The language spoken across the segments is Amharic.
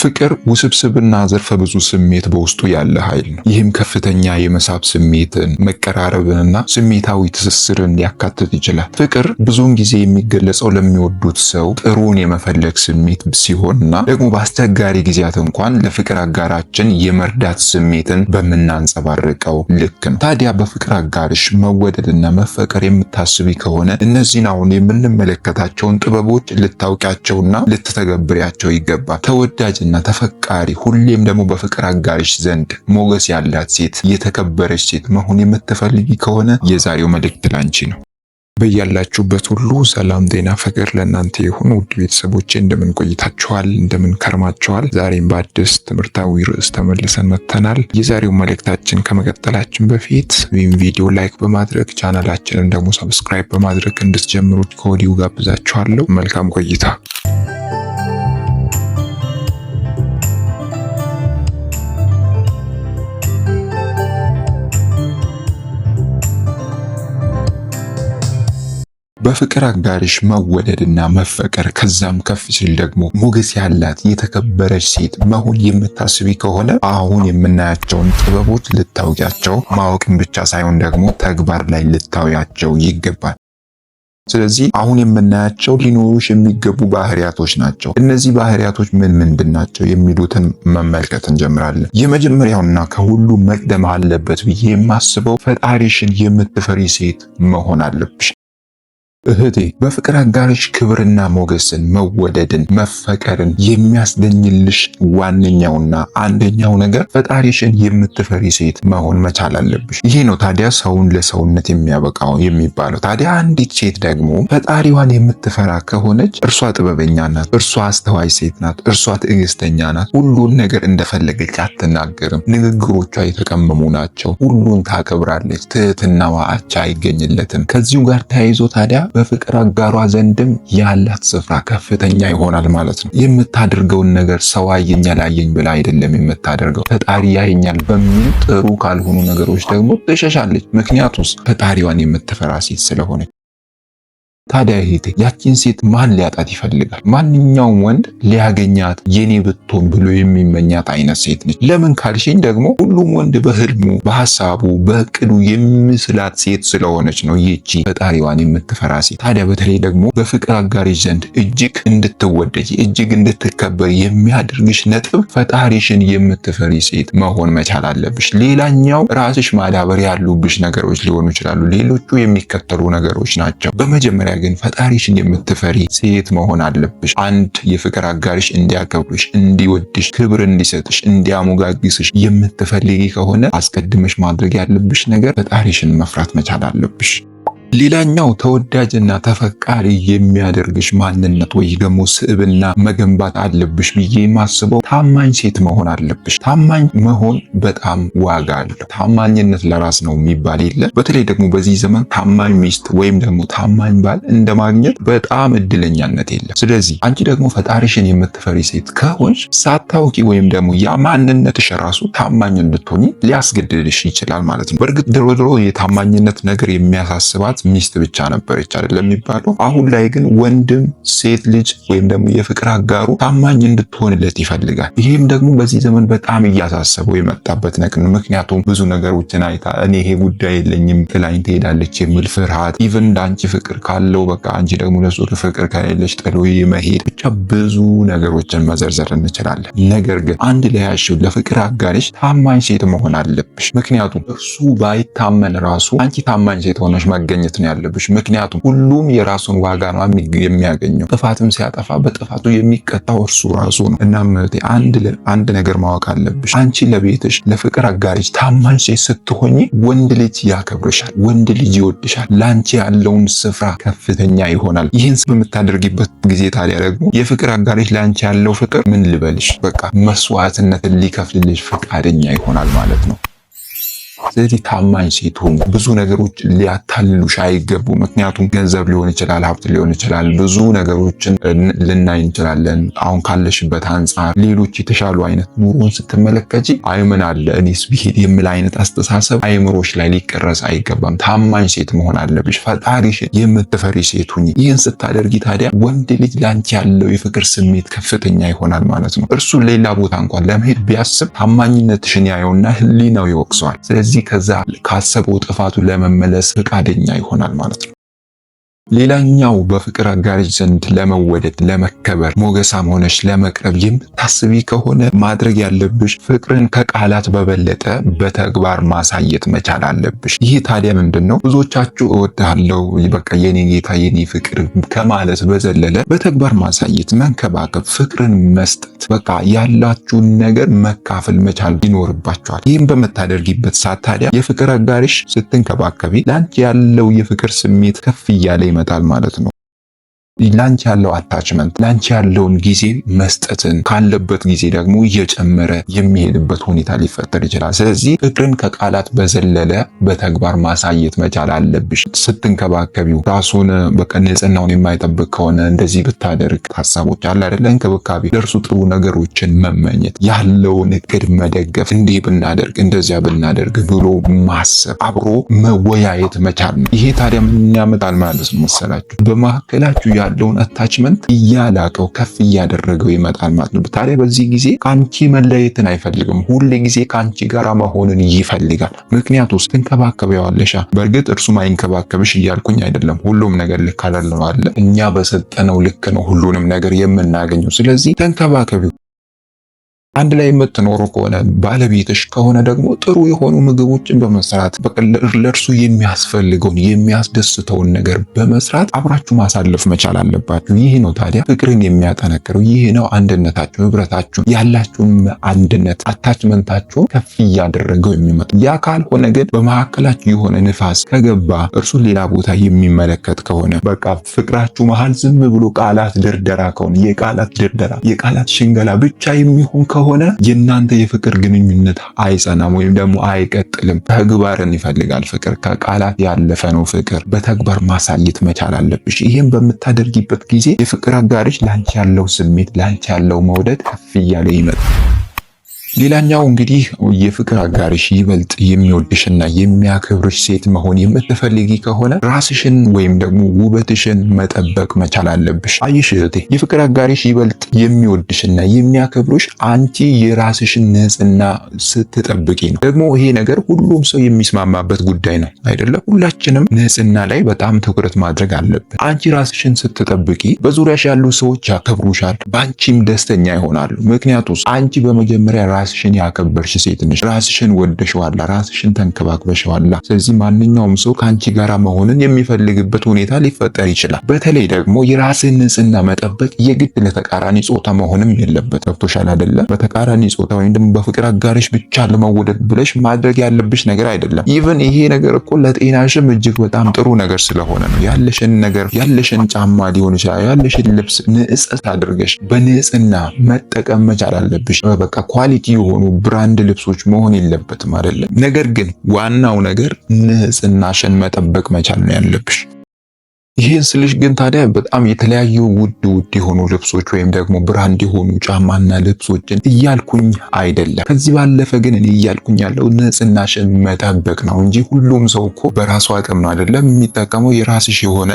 ፍቅር ውስብስብና ዘርፈ ብዙ ስሜት በውስጡ ያለ ኃይል ነው። ይህም ከፍተኛ የመሳብ ስሜትን፣ መቀራረብንና ስሜታዊ ትስስርን ሊያካትት ይችላል። ፍቅር ብዙውን ጊዜ የሚገለጸው ለሚወዱት ሰው ጥሩን የመፈለግ ስሜት ሲሆንና ደግሞ በአስቸጋሪ ጊዜያት እንኳን ለፍቅር አጋራችን የመርዳት ስሜትን በምናንጸባርቀው ልክ ነው። ታዲያ በፍቅር አጋርሽ መወደድና መፈቀር የምታስቢ ከሆነ እነዚህን አሁን የምንመለከታቸውን ጥበቦች ልታውቂያቸውና ልትተገብሪያቸው ይገባል። ተወዳጅ ተወዳጅና ተፈቃሪ ሁሌም ደግሞ በፍቅር አጋርሽ ዘንድ ሞገስ ያላት ሴት የተከበረች ሴት መሆን የምትፈልጊ ከሆነ የዛሬው መልእክት ላንቺ ነው። በያላችሁበት ሁሉ ሰላም፣ ጤና፣ ፍቅር ለእናንተ ይሁን። ውድ ቤተሰቦቼ እንደምን ቆይታችኋል? እንደምን ከርማችኋል? ዛሬም በአዲስ ትምህርታዊ ርዕስ ተመልሰን መጥተናል። የዛሬው መልእክታችን ከመቀጠላችን በፊት ወይም ቪዲዮ ላይክ በማድረግ ቻናላችንን ደግሞ ሰብስክራይብ በማድረግ እንድትጀምሩት ከወዲሁ ጋብዛችኋለሁ። መልካም ቆይታ በፍቅር አጋርሽ መወደድና መፈቀር ከዛም ከፍ ሲል ደግሞ ሞገስ ያላት የተከበረች ሴት መሆን የምታስቢ ከሆነ አሁን የምናያቸውን ጥበቦች ልታውቂያቸው፣ ማወቅን ብቻ ሳይሆን ደግሞ ተግባር ላይ ልታውያቸው ይገባል። ስለዚህ አሁን የምናያቸው ሊኖሩሽ የሚገቡ ባህሪያቶች ናቸው። እነዚህ ባህሪያቶች ምን ምንድን ናቸው የሚሉትን መመልከት እንጀምራለን። የመጀመሪያውና ከሁሉ መቅደም አለበት ብዬ የማስበው ፈጣሪሽን የምትፈሪ ሴት መሆን አለብሽ። እህቴ በፍቅር አጋርሽ ክብርና ሞገስን፣ መወደድን፣ መፈቀርን የሚያስገኝልሽ ዋነኛውና አንደኛው ነገር ፈጣሪሽን የምትፈሪ ሴት መሆን መቻል አለብሽ። ይሄ ነው ታዲያ ሰውን ለሰውነት የሚያበቃው የሚባለው። ታዲያ አንዲት ሴት ደግሞ ፈጣሪዋን የምትፈራ ከሆነች እርሷ ጥበበኛ ናት፣ እርሷ አስተዋይ ሴት ናት፣ እርሷ ትዕግስተኛ ናት። ሁሉን ነገር እንደፈለገች አትናገርም። ንግግሮቿ የተቀመሙ ናቸው። ሁሉን ታከብራለች። ትህትናዋ አቻ አይገኝለትም። ከዚሁ ጋር ተያይዞ ታዲያ በፍቅር አጋሯ ዘንድም ያላት ስፍራ ከፍተኛ ይሆናል ማለት ነው። የምታደርገውን ነገር ሰው አየኛል አየኝ ብላ አይደለም የምታደርገው ፈጣሪ ያየኛል በሚል ጥሩ ካልሆኑ ነገሮች ደግሞ ትሸሻለች። ምክንያቱስ ፈጣሪዋን የምትፈራ ሴት ስለሆነች ታዲያ ይሄቴ ያቺን ሴት ማን ሊያጣት ይፈልጋል? ማንኛውም ወንድ ሊያገኛት የኔ ብትሆን ብሎ የሚመኛት አይነት ሴት ነች። ለምን ካልሽኝ ደግሞ ሁሉም ወንድ በህልሙ በሀሳቡ በእቅዱ የሚስላት ሴት ስለሆነች ነው ይቺ ፈጣሪዋን የምትፈራ ሴት። ታዲያ በተለይ ደግሞ በፍቅር አጋሪሽ ዘንድ እጅግ እንድትወደጅ እጅግ እንድትከበር የሚያደርግሽ ነጥብ ፈጣሪሽን የምትፈሪ ሴት መሆን መቻል አለብሽ። ሌላኛው ራስሽ ማዳበር ያሉብሽ ነገሮች ሊሆኑ ይችላሉ። ሌሎቹ የሚከተሉ ነገሮች ናቸው። በመጀመሪያ ግን ፈጣሪሽን የምትፈሪ ሴት መሆን አለብሽ። አንድ የፍቅር አጋርሽ እንዲያከብርሽ፣ እንዲወድሽ፣ ክብር እንዲሰጥሽ፣ እንዲያሞጋግስሽ የምትፈልጊ ከሆነ አስቀድመሽ ማድረግ ያለብሽ ነገር ፈጣሪሽን መፍራት መቻል አለብሽ። ሌላኛው ተወዳጅና ተፈቃሪ የሚያደርግሽ ማንነት ወይ ደግሞ ስዕብና መገንባት አለብሽ ብዬ የማስበው ታማኝ ሴት መሆን አለብሽ። ታማኝ መሆን በጣም ዋጋ አለው። ታማኝነት ለራስ ነው የሚባል የለም። በተለይ ደግሞ በዚህ ዘመን ታማኝ ሚስት ወይም ደግሞ ታማኝ ባል እንደማግኘት በጣም እድለኛነት የለም። ስለዚህ አንቺ ደግሞ ፈጣሪሽን የምትፈሪ ሴት ከሆንሽ ሳታውቂ ወይም ደግሞ ያ ማንነትሽ ራሱ ታማኝ እንድትሆኒ ሊያስገድድሽ ይችላል ማለት ነው። በእርግጥ ድሮ ድሮ የታማኝነት ነገር የሚያሳስባት እናት ሚስት ብቻ ነበረች አይደለም የሚባለው። አሁን ላይ ግን ወንድም ሴት ልጅ ወይም ደግሞ የፍቅር አጋሩ ታማኝ እንድትሆንለት ይፈልጋል። ይህም ደግሞ በዚህ ዘመን በጣም እያሳሰበው የመጣበት ነገር ነው። ምክንያቱም ብዙ ነገሮችን አይታ እኔ ይሄ ጉዳይ የለኝም ትላኝ ትሄዳለች የሚል ፍርሃት፣ ኢቨን ለአንቺ ፍቅር ካለው በቃ አንቺ ደግሞ ለሱ ፍቅር ከሌለች ጥሎ መሄድ፣ ብቻ ብዙ ነገሮችን መዘርዘር እንችላለን። ነገር ግን አንድ ላይ ያሽው ለፍቅር አጋርሽ ታማኝ ሴት መሆን አለብሽ። ምክንያቱም እሱ ባይታመን ራሱ አንቺ ታማኝ ሴት ሆነሽ መገኘት ማግኘት ነው ያለብሽ። ምክንያቱም ሁሉም የራሱን ዋጋ ነው የሚያገኘው። ጥፋትም ሲያጠፋ በጥፋቱ የሚቀጣው እርሱ ራሱ ነው። እናም አንድ ነገር ማወቅ አለብሽ። አንቺ ለቤትሽ ለፍቅር አጋሪች ታማኝ ሴት ስትሆኝ ወንድ ልጅ ያከብርሻል፣ ወንድ ልጅ ይወድሻል። ለአንቺ ያለውን ስፍራ ከፍተኛ ይሆናል። ይህን በምታደርጊበት ጊዜ ታዲያ ደግሞ የፍቅር አጋሪች ለአንቺ ያለው ፍቅር ምን ልበልሽ፣ በቃ መስዋዕትነትን ሊከፍልልሽ ፈቃደኛ ይሆናል ማለት ነው። ስለዚህ ታማኝ ሴትሁን ብዙ ነገሮች ሊያታልሉሽ አይገቡ ምክንያቱም ገንዘብ ሊሆን ይችላል፣ ሀብት ሊሆን ይችላል፣ ብዙ ነገሮችን ልናይ እንችላለን። አሁን ካለሽበት አንጻር ሌሎች የተሻሉ አይነት ኑሮን ስትመለከቺ አይምን አለ እኔስ ብሄድ የምል አይነት አስተሳሰብ አይምሮች ላይ ሊቀረጽ አይገባም። ታማኝ ሴት መሆን አለብሽ። ፈጣሪሽን የምትፈሪ ሴት ሁኚ። ይህን ስታደርጊ ታዲያ ወንድ ልጅ ላንቺ ያለው የፍቅር ስሜት ከፍተኛ ይሆናል ማለት ነው። እርሱ ሌላ ቦታ እንኳን ለመሄድ ቢያስብ ታማኝነትሽን ያየውና ህሊናው ይወቅሰዋል። ስለዚህ ከዚህ ከዛ ካሰበው ጥፋቱ ለመመለስ ፈቃደኛ ይሆናል ማለት ነው። ሌላኛው በፍቅር አጋሪች ዘንድ ለመወደድ ለመከበር ሞገሳም ሆነሽ ለመቅረብ የምታስቢ ከሆነ ማድረግ ያለብሽ ፍቅርን ከቃላት በበለጠ በተግባር ማሳየት መቻል አለብሽ። ይህ ታዲያ ምንድን ነው? ብዙዎቻችሁ እወድሃለሁ በቃ የኔ ጌታ የኔ ፍቅር ከማለት በዘለለ በተግባር ማሳየት፣ መንከባከብ፣ ፍቅርን መስጠት፣ በቃ ያላችሁን ነገር መካፈል መቻል ይኖርባችኋል። ይህም በምታደርጊበት ሰዓት ታዲያ የፍቅር አጋሪሽ ስትንከባከቢ ለአንቺ ያለው የፍቅር ስሜት ከፍ እያለ ይመጣል ማለት ነው። ላንቺ ያለው አታችመንት ላንቺ ያለውን ጊዜ መስጠትን ካለበት ጊዜ ደግሞ እየጨመረ የሚሄድበት ሁኔታ ሊፈጠር ይችላል። ስለዚህ ፍቅርን ከቃላት በዘለለ በተግባር ማሳየት መቻል አለብሽ። ስትንከባከቢው ራሱን በቃ ንጽህናውን የማይጠብቅ ከሆነ እንደዚህ ብታደርግ ሀሳቦች አለ አይደለ እንክብካቤ ለእርሱ ጥሩ ነገሮችን መመኘት ያለውን እቅድ መደገፍ እንዲህ ብናደርግ እንደዚያ ብናደርግ ብሎ ማሰብ አብሮ መወያየት መቻል ነው። ይሄ ታዲያ ምን ያመጣል ማለት ነው መሰላችሁ በመካከላችሁ ያለውን አታችመንት እያላቀው ከፍ እያደረገው ይመጣል ማለት ነው። ታዲያ በዚህ ጊዜ ከአንቺ መለየትን አይፈልግም። ሁል ጊዜ ከአንቺ ጋር መሆንን ይፈልጋል። ምክንያቱ ውስጥ ትንከባከቢዋለሻ። በእርግጥ እርሱ ማይንከባከብሽ እያልኩኝ አይደለም። ሁሉም ነገር ልክ አለ። እኛ በሰጠነው ልክ ነው ሁሉንም ነገር የምናገኘው። ስለዚህ ተንከባከቢው። አንድ ላይ የምትኖሩ ከሆነ ባለቤትሽ ከሆነ ደግሞ ጥሩ የሆኑ ምግቦችን በመስራት ለእርሱ የሚያስፈልገውን የሚያስደስተውን ነገር በመስራት አብራችሁ ማሳለፍ መቻል አለባችሁ። ይህ ነው ታዲያ ፍቅርን የሚያጠነክረው። ይህ ነው አንድነታችሁ፣ ህብረታችሁ፣ ያላችሁን አንድነት አታችመንታችሁን ከፍ እያደረገው የሚመጣ። ያ ካልሆነ ግን በመካከላችሁ የሆነ ንፋስ ከገባ እርሱ ሌላ ቦታ የሚመለከት ከሆነ በቃ ፍቅራችሁ መሀል ዝም ብሎ ቃላት ድርደራ ከሆነ የቃላት ድርደራ የቃላት ሽንገላ ብቻ የሚሆን ከሆነ ከሆነ የእናንተ የፍቅር ግንኙነት አይጸናም ወይም ደግሞ አይቀጥልም። ተግባርን ይፈልጋል ፍቅር። ከቃላት ያለፈ ነው ፍቅር። በተግባር ማሳየት መቻል አለብሽ። ይህም በምታደርጊበት ጊዜ የፍቅር አጋርሽ ላንቺ ያለው ስሜት፣ ላንቺ ያለው መውደድ ከፍ እያለ ይመጣል። ሌላኛው እንግዲህ የፍቅር አጋርሽ ይበልጥ የሚወድሽና የሚያከብርሽ ሴት መሆን የምትፈልጊ ከሆነ ራስሽን ወይም ደግሞ ውበትሽን መጠበቅ መቻል አለብሽ። አይሽ እህቴ፣ የፍቅር አጋርሽ ይበልጥ የሚወድሽና የሚያከብርሽ አንቺ የራስሽን ንጽና ስትጠብቂ ነው። ደግሞ ይሄ ነገር ሁሉም ሰው የሚስማማበት ጉዳይ ነው አይደለም? ሁላችንም ንጽና ላይ በጣም ትኩረት ማድረግ አለብን። አንቺ ራስሽን ስትጠብቂ በዙሪያሽ ያሉ ሰዎች ያከብሩሻል፣ በአንቺም ደስተኛ ይሆናሉ። ምክንያቱ አንቺ በመጀመሪያ ራስ ራስሽን ያከበርሽ ሴት ነሽ። ራስሽን ወደሽዋላ፣ ራስሽን ተንከባክበሽዋላ። ስለዚህ ማንኛውም ሰው ከአንቺ ጋር መሆንን የሚፈልግበት ሁኔታ ሊፈጠር ይችላል። በተለይ ደግሞ የራስን ንጽህና መጠበቅ የግድ ለተቃራኒ ጾታ መሆንም የለበት። ገብቶሻል አይደለ? በተቃራኒ ጾታ ወይም ደግሞ በፍቅር አጋርሽ ብቻ ለመወደድ ብለሽ ማድረግ ያለብሽ ነገር አይደለም። ኢቭን ይሄ ነገር እኮ ለጤናሽም እጅግ በጣም ጥሩ ነገር ስለሆነ ነው። ያለሽን ነገር ያለሽን ጫማ ሊሆን ይችላል ያለሽን ልብስ ንጽሕት አድርገሽ በንጽህና መጠቀም መቻል አለብሽ። በቃ ኳሊቲ የሆኑ ብራንድ ልብሶች መሆን የለበትም አይደለም። ነገር ግን ዋናው ነገር ንጽህናሽን መጠበቅ መቻል ነው ያለብሽ። ይህን ስልሽ ግን ታዲያ በጣም የተለያዩ ውድ ውድ የሆኑ ልብሶች ወይም ደግሞ ብራንድ የሆኑ ጫማና ልብሶችን እያልኩኝ አይደለም። ከዚህ ባለፈ ግን እኔ እያልኩኝ ያለው ንጽህናሽን መጠበቅ ነው እንጂ ሁሉም ሰው እኮ በራሱ አቅም ነው አይደለም የሚጠቀመው። የራስሽ የሆነ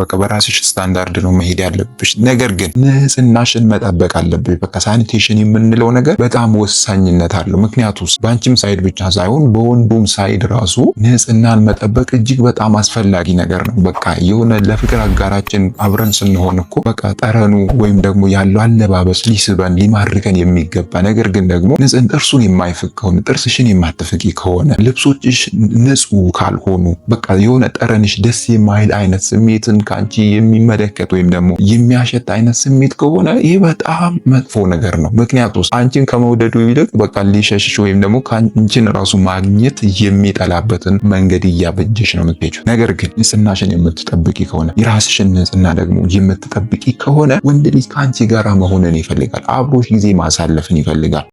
በቃ በራስሽ ስታንዳርድ ነው መሄድ ያለብሽ። ነገር ግን ንጽህናሽን መጠበቅ አለብሽ። በቃ ሳኒቴሽን የምንለው ነገር በጣም ወሳኝነት አለው። ምክንያቱም በአንቺም ሳይድ ብቻ ሳይሆን በወንዱም ሳይድ ራሱ ንጽህናን መጠበቅ እጅግ በጣም አስፈላጊ ነገር ነው። በቃ የሆነ ለፍቅር አጋራችን አብረን ስንሆን እኮ በቃ ጠረኑ ወይም ደግሞ ያለው አለባበስ ሊስበን ሊማርከን የሚገባ ነገር ግን ደግሞ ንጽህን ጥርሱን የማይፍቅ ከሆነ ጥርስሽን የማትፍቂ ከሆነ ልብሶችሽ ንጹህ ካልሆኑ በቃ የሆነ ጠረንሽ ደስ የማይል አይነት ስሜትን ከአንቺ የሚመለከት ወይም ደግሞ የሚያሸት አይነት ስሜት ከሆነ ይህ በጣም መጥፎ ነገር ነው። ምክንያቱ አንቺን ከመውደዱ ይልቅ በቃ ሊሸሽሽ ወይም ደግሞ ከአንቺን ራሱ ማግኘት የሚጠላበትን መንገድ እያበጀሽ ነው የምትሄጂው። ነገር ግን ንጽህናሽን የምትጠብቂ ከሆነ የራስሽን ንጽህና ደግሞ የምትጠብቂ ከሆነ ወንድ ልጅ ከአንቺ ጋር መሆንን ይፈልጋል። አብሮሽ ጊዜ ማሳለፍን ይፈልጋል።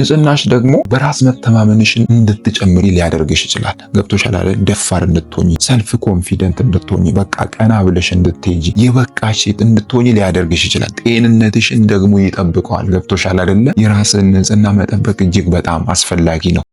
ንጽህናሽ ደግሞ በራስ መተማመንሽን እንድትጨምሪ ሊያደርግሽ ይችላል። ገብቶሻል አይደል? ደፋር እንድትሆኝ፣ ሰልፍ ኮንፊደንት እንድትሆኝ፣ በቃ ቀና ብለሽ እንድትሄጂ፣ የበቃሽ ሴት እንድትሆኝ ሊያደርግሽ ይችላል። ጤንነትሽን ደግሞ ይጠብቀዋል። ገብቶሻል አይደለ? የራስን ንጽህና መጠበቅ እጅግ በጣም አስፈላጊ ነው።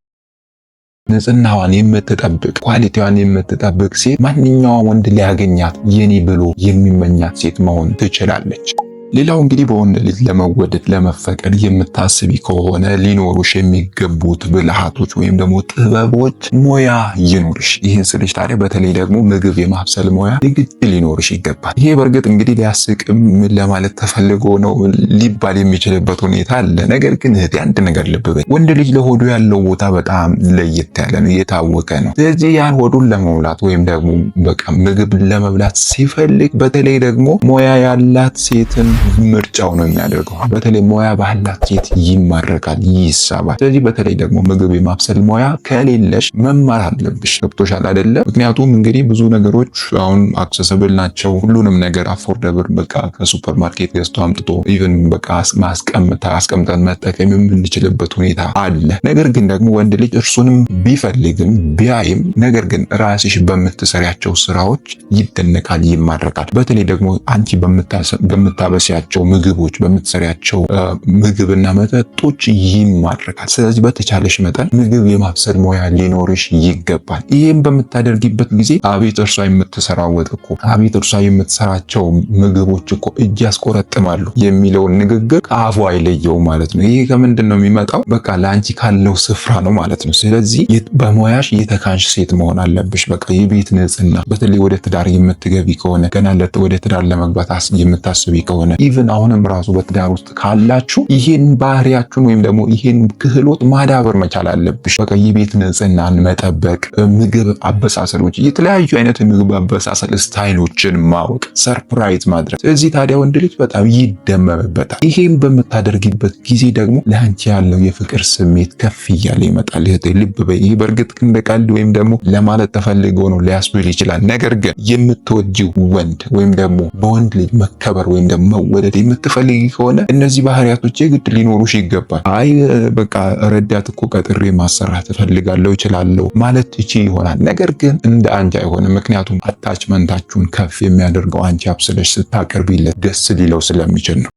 ንጽህናዋን የምትጠብቅ ኳሊቲዋን የምትጠብቅ ሴት ማንኛውም ወንድ ሊያገኛት የኔ ብሎ የሚመኛት ሴት መሆን ትችላለች። ሌላው እንግዲህ በወንድ ልጅ ለመወደድ ለመፈቀድ የምታስቢ ከሆነ ሊኖሩሽ የሚገቡት ብልሃቶች ወይም ደግሞ ጥበቦች፣ ሙያ ይኖርሽ ይህን ስልሽ ታዲያ በተለይ ደግሞ ምግብ የማብሰል ሙያ የግድ ሊኖርሽ ይገባል። ይሄ በእርግጥ እንግዲህ ሊያስቅም ምን ለማለት ተፈልጎ ነው ሊባል የሚችልበት ሁኔታ አለ። ነገር ግን እህቴ አንድ ነገር ልብ በይ፣ ወንድ ልጅ ለሆዱ ያለው ቦታ በጣም ለየት ያለ ነው፣ የታወቀ ነው። ስለዚህ ያን ሆዱን ለመሙላት ወይም ደግሞ በቃ ምግብ ለመብላት ሲፈልግ በተለይ ደግሞ ሙያ ያላት ሴትን ምርጫው ነው የሚያደርገው። በተለይ ሙያ ባህላት ሴት ይማረካል፣ ይሳባል። ስለዚህ በተለይ ደግሞ ምግብ የማብሰል ሙያ ከሌለሽ መማር አለብሽ። ገብቶሻል አይደለም? ምክንያቱም እንግዲህ ብዙ ነገሮች አሁን አክሰሰብል ናቸው። ሁሉንም ነገር አፎርደብል በቃ ከሱፐር ማርኬት ገዝቶ አምጥቶ ኢቨን በቃ ማስቀምታ አስቀምጠን መጠቀም የምንችልበት ሁኔታ አለ። ነገር ግን ደግሞ ወንድ ልጅ እርሱንም ቢፈልግም ቢያይም፣ ነገር ግን ራስሽ በምትሰሪያቸው ስራዎች ይደነቃል፣ ይማረካል። በተለይ ደግሞ አንቺ በምታበስ በምታዘጋጃቸው ምግቦች፣ በምትሰሪያቸው ምግብና መጠጦች ይማርካል። ስለዚህ በተቻለሽ መጠን ምግብ የማብሰል ሙያ ሊኖርሽ ይገባል። ይህም በምታደርጊበት ጊዜ አቤት እርሷ የምትሰራው ወጥ እኮ አቤት እርሷ የምትሰራቸው ምግቦች እኮ እጅ ያስቆረጥማሉ የሚለውን ንግግር ከአፏ አይለየው ማለት ነው። ይህ ከምንድን ነው የሚመጣው? በቃ ለአንቺ ካለው ስፍራ ነው ማለት ነው። ስለዚህ በሙያሽ የተካንሽ ሴት መሆን አለብሽ። በቃ የቤት ንጽህና፣ በተለይ ወደ ትዳር የምትገቢ ከሆነ ገና ወደ ትዳር ለመግባት የምታስቢ ከሆነ ኢቭን አሁንም ራሱ በትዳር ውስጥ ካላችሁ ይሄን ባህሪያችሁን ወይም ደግሞ ይሄን ክህሎት ማዳበር መቻል አለብሽ። በቃ የቤት ንጽህናን መጠበቅ፣ ምግብ አበሳሰሎች፣ የተለያዩ አይነት የምግብ አበሳሰል ስታይሎችን ማወቅ፣ ሰርፕራይዝ ማድረግ። ስለዚህ ታዲያ ወንድ ልጅ በጣም ይደመምበታል። ይሄም በምታደርጊበት ጊዜ ደግሞ ለአንቺ ያለው የፍቅር ስሜት ከፍ እያለ ይመጣል። እህቴ ልብ በይ። ይህ በእርግጥ እንደ ቀልድ ወይም ደግሞ ለማለት ተፈልገው ነው ሊያስብል ይችላል። ነገር ግን የምትወጂው ወንድ ወይም ደግሞ በወንድ ልጅ መከበር ወይም ደግሞ መወደድ የምትፈልጊ ከሆነ እነዚህ ባህሪያቶች የግድ ሊኖሩሽ ይገባል። አይ በቃ ረዳት እኮ ቀጥሬ ማሰራት እፈልጋለሁ እችላለሁ ማለት ትቺ ይሆናል። ነገር ግን እንደ አንቺ አይሆንም። ምክንያቱም አታችመንታችሁን ከፍ የሚያደርገው አንቺ አብስለሽ ስታቀርቢለት ደስ ሊለው ስለሚችል ነው።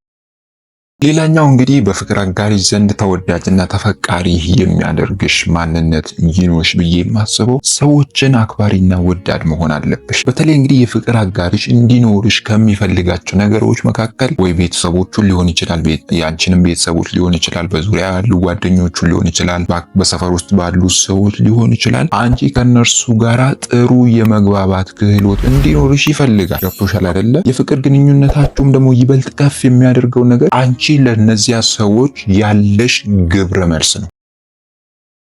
ሌላኛው እንግዲህ በፍቅር አጋሪ ዘንድ ተወዳጅና ተፈቃሪ የሚያደርግሽ ማንነት ይኖሽ ብዬ የማስበው ሰዎችን አክባሪና ወዳድ መሆን አለብሽ። በተለይ እንግዲህ የፍቅር አጋሪሽ እንዲኖርሽ ከሚፈልጋቸው ነገሮች መካከል ወይ ቤተሰቦቹን ሊሆን ይችላል፣ የአንቺንም ቤተሰቦች ሊሆን ይችላል፣ በዙሪያ ያሉ ጓደኞቹ ሊሆን ይችላል፣ በሰፈር ውስጥ ባሉ ሰዎች ሊሆን ይችላል። አንቺ ከነርሱ ጋራ ጥሩ የመግባባት ክህሎት እንዲኖርሽ ይፈልጋል። ገብቶሻል አይደለ? የፍቅር ግንኙነታችሁም ደግሞ ይበልጥ ከፍ የሚያደርገው ነገር አንቺ ለነዚያ ሰዎች ያለሽ ግብረ መልስ ነው።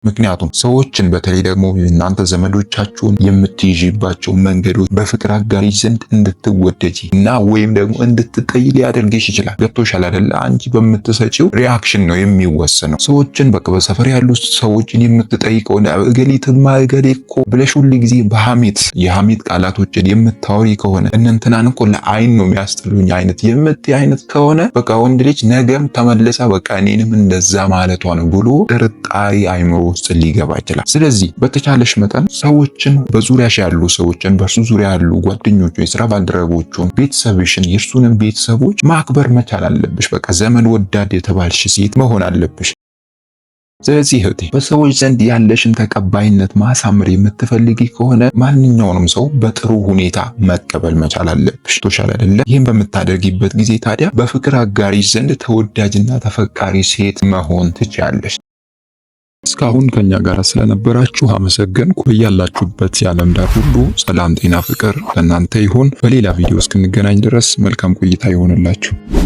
ምክንያቱም ሰዎችን በተለይ ደግሞ እናንተ ዘመዶቻችሁን የምትይዥባቸው መንገዶች በፍቅር አጋሪ ዘንድ እንድትወደጂ እና ወይም ደግሞ እንድትጠይ ሊያደርግሽ ይችላል። ገብቶሻል አይደለ? አንቺ በምትሰጪው ሪያክሽን ነው የሚወሰነው። ሰዎችን በቃ በሰፈር ያሉ ሰዎችን የምትጠይቀው እገሊትማ እገሌ እኮ ብለሽ ሁሉ ጊዜ በሐሜት የሐሜት ቃላቶችን የምታወሪ ከሆነ እነንትናን እኮ ለአይን ነው የሚያስጥሉኝ አይነት የምት አይነት ከሆነ በቃ ወንድ ልጅ ነገም ተመለሰ በቃ እኔንም እንደዛ ማለቷ ነው ብሎ ጥርጣሬ አይምሮ ውስጥ ሊገባ ይችላል። ስለዚህ በተቻለሽ መጠን ሰዎችን፣ በዙሪያሽ ያሉ ሰዎችን፣ በእርሱ ዙሪያ ያሉ ጓደኞቹ፣ የስራ ባልደረቦቹን፣ ቤተሰብሽን፣ የእርሱንም ቤተሰቦች ማክበር መቻል አለብሽ። በቃ ዘመን ወዳድ የተባልሽ ሴት መሆን አለብሽ። ስለዚህ እህቴ በሰዎች ዘንድ ያለሽን ተቀባይነት ማሳመር የምትፈልጊ ከሆነ ማንኛውንም ሰው በጥሩ ሁኔታ መቀበል መቻል አለብሽ። ቶሻል አይደለ? ይህን በምታደርጊበት ጊዜ ታዲያ በፍቅር አጋሪ ዘንድ ተወዳጅና ተፈቃሪ ሴት መሆን ትችያለሽ። እስካሁን ከኛ ጋር ስለነበራችሁ አመሰገንኩ። በያላችሁበት የዓለም ዳር ሁሉ ሰላም፣ ጤና፣ ፍቅር ለእናንተ ይሁን። በሌላ ቪዲዮ እስክንገናኝ ድረስ መልካም ቆይታ ይሆንላችሁ።